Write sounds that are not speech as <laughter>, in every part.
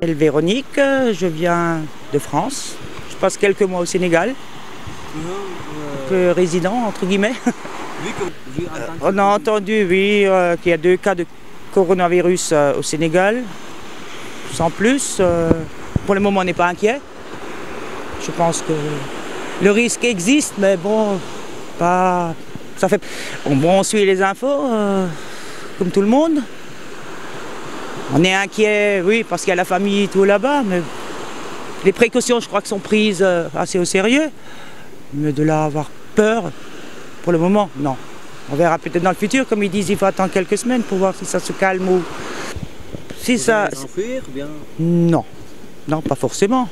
m'appelle Véronique, je viens de France. Je passe quelques mois au Sénégal. Un peu résident, entre guillemets. Euh, on a entendu, oui, euh, qu'il y a deux cas de coronavirus euh, au Sénégal. Sans plus, pour le moment, on n'est pas inquiet. Je pense que le risque existe, mais bon, pas. Ça fait. Bon, on suit les infos, comme tout le monde. On est inquiet, oui, parce qu'il y a la famille et tout là-bas, mais les précautions, je crois, que sont prises euh, assez au sérieux. Mais de là avoir peur, pour le moment, non. On verra peut-être dans le futur, comme ils disent, il faut attendre quelques semaines pour voir si ça se calme ou si ça. Non, non, pas forcément.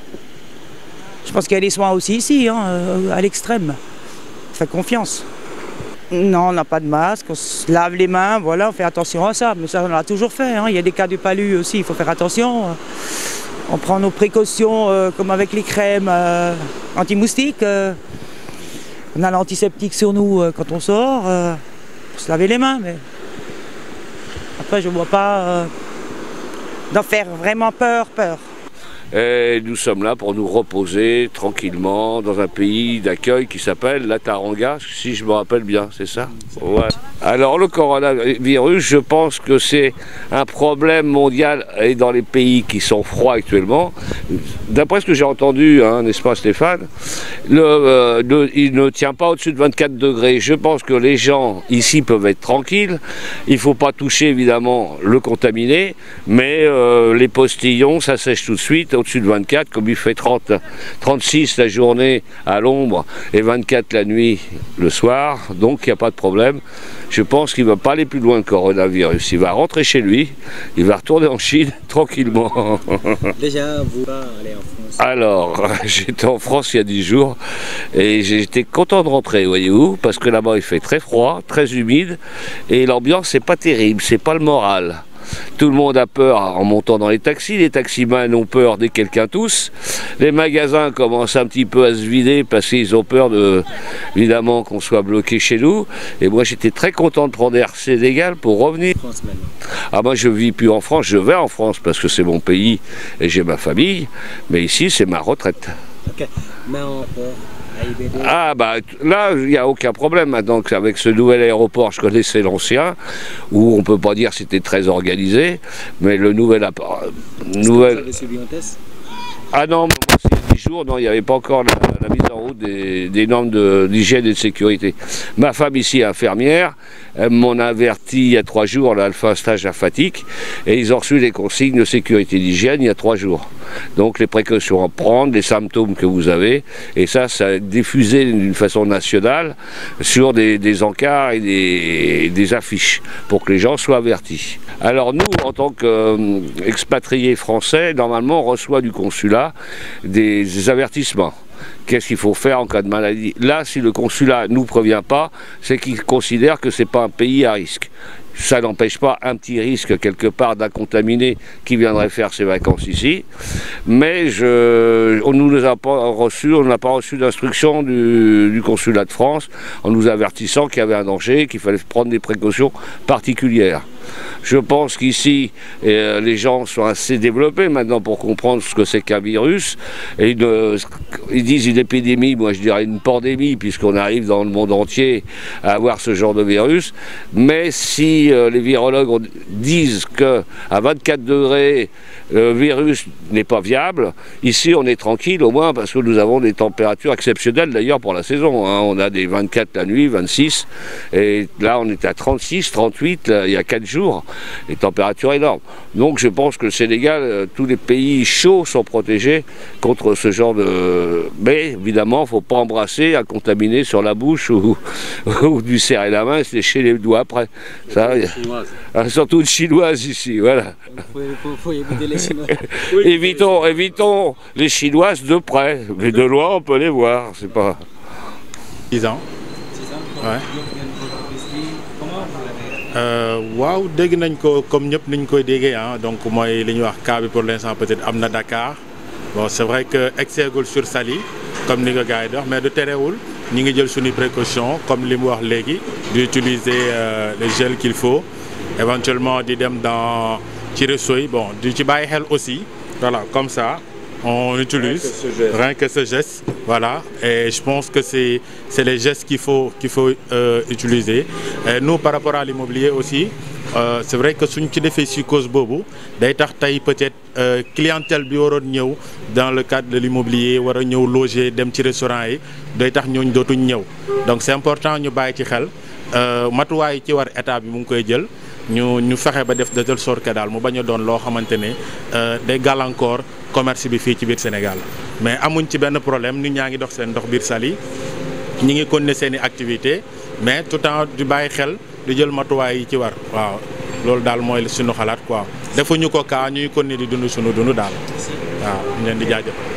Je pense qu'il y a des soins aussi ici, hein, euh, à l'extrême. Faites confiance. Non, on n'a pas de masque, on se lave les mains, voilà, on fait attention à ça. Mais ça, on l'a toujours fait. Hein. Il y a des cas de palu aussi, il faut faire attention. Hein. On prend nos précautions, euh, comme avec les crèmes euh, anti-moustiques. Euh. on a l'antiseptique sur nous quand on sort, pour se laver les mains. Mais après, je ne vois pas d'en faire vraiment peur, peur. Et nous sommes là pour nous reposer tranquillement dans un pays d'accueil qui s'appelle la Taranga, si je me rappelle bien, c'est ça Alors le coronavirus, je pense que c'est un problème mondial et dans les pays qui sont froids actuellement. D'après ce que j'ai entendu, hein, n'est-ce pas Stéphane, euh, il ne tient pas au-dessus de 24 degrés. Je pense que les gens ici peuvent être tranquilles. Il ne faut pas toucher évidemment le contaminé, mais euh, les postillons, ça sèche tout de suite au-dessus de 24, comme il fait 30, 36 la journée à l'ombre et 24 la nuit le soir, donc il n'y a pas de problème. Je pense qu'il ne va pas aller plus loin que coronavirus. Il va rentrer chez lui, il va retourner en Chine <laughs> tranquillement. Déjà, vous allez en France Alors, <laughs> j'étais en France il y a 10 jours et j'étais content de rentrer, voyez-vous, parce que là-bas il fait très froid, très humide et l'ambiance n'est pas terrible, c'est pas le moral. Tout le monde a peur en montant dans les taxis, les taximans ont peur des quelqu'un tous. Les magasins commencent un petit peu à se vider parce qu'ils ont peur de, évidemment qu'on soit bloqué chez nous. Et moi j'étais très content de prendre RC légal pour revenir. Ah moi je vis plus en France, je vais en France parce que c'est mon pays et j'ai ma famille. Mais ici c'est ma retraite. Ah bah là, il n'y a aucun problème. Donc avec ce nouvel aéroport, je connaissais l'ancien, où on peut pas dire c'était très organisé, mais le nouvel... aéroport ah non, jours, non, il n'y avait pas encore la, mise en route des, normes d'hygiène et de sécurité. Ma femme ici, infirmière, m'en a averti il y a trois jours, un stage à fatigue, et ils ont reçu les consignes de sécurité d'hygiène il y a trois jours. Donc les précautions à prendre, les symptômes que vous avez, et ça, ça a diffusé d'une façon nationale sur des, encarts et des, affiches, pour que les gens soient avertis. Alors nous, en tant qu'expatriés français, normalement, on reçoit du consulat des des avertissements qu'est-ce qu'il faut faire en cas de maladie. Là, si le consulat ne nous prévient pas, c'est qu'il considère que ce n'est pas un pays à risque. Ça n'empêche pas un petit risque quelque part d'un contaminé qui viendrait faire ses vacances ici. Mais je, on nous a pas reçu, on n'a pas reçu d'instruction du, consulat de France en nous avertissant qu'il y avait un danger, qu'il fallait prendre des précautions particulières. Je pense qu'ici, euh, les gens sont assez développés maintenant pour comprendre ce que c'est qu'un virus. Et ils disent une épidémie, moi je dirais une pandémie, puisqu'on arrive dans le monde entier à avoir ce genre de virus. Mais si euh, les virologues disent qu'à 24 degrés, le virus n'est pas viable, ici on est tranquille au moins parce que nous avons des températures exceptionnelles d'ailleurs pour la saison. Hein. On a des 24 la nuit, 26, et là on est à 36, 38 il y a 4 jours, des températures énormes. Donc je pense que le Sénégal, euh, tous les pays chauds sont protégés contre ce genre de, mais évidemment, il ne faut pas embrasser, à contaminer sur la bouche ou, <laughs> ou du serrer la main et se lécher les doigts après. Ça, euh, hein, surtout une chinoise ici, voilà. Faut, faut, éviter les chinoises. <laughs> évitons, les évitons les chinoises de près, mais de loin on peut les voir, c'est pas... 6 ans. 6 ans Ouais. Euh, waaw je comme nous niñ koy hein. donc moi il y wax cas pour l'instant peut-être Amna Dakar bon c'est vrai que gol sur Sali, comme le guide, Mais mais de terewul ñi ngi jël précaution comme li mu d'utiliser euh, les gels qu'il faut éventuellement di dans le réseau bon du aussi voilà comme ça on utilise rien que, que ce geste. Voilà, et je pense que c'est c'est les gestes qu'il faut, qu'il faut euh, utiliser. Et nous, par rapport à l'immobilier aussi, euh, c'est vrai que suñ ci defee psychose cause day tax tey peut-être euh, clientèle bi waroon ñëw dans le cadre de l'immobilier war a ñëw loger dem ci restaurant yi day tax ñooñ dootuñ ñëw donc c'est important ñu bàyyi ci xel euh, matuwaay ci war état bi mu ngi koy jël ñu ñu fexe ba def de telle sorte que dal mu baña doon lo xamantene euh day encore commerce bi fii ci biir Sénégal mais amuñ ci benn problème nit ñaa ngi dox seen ndox biir sali ñi ngi continuer seen i activité mais tout temps di bàyyi xel di jël matuwaay yi ci war waaw loolu daal mooy sunu xalaat quoi defuñu ko kaa ñuy continuer di dund suñu dund daal waaw ñu leen di jaajëf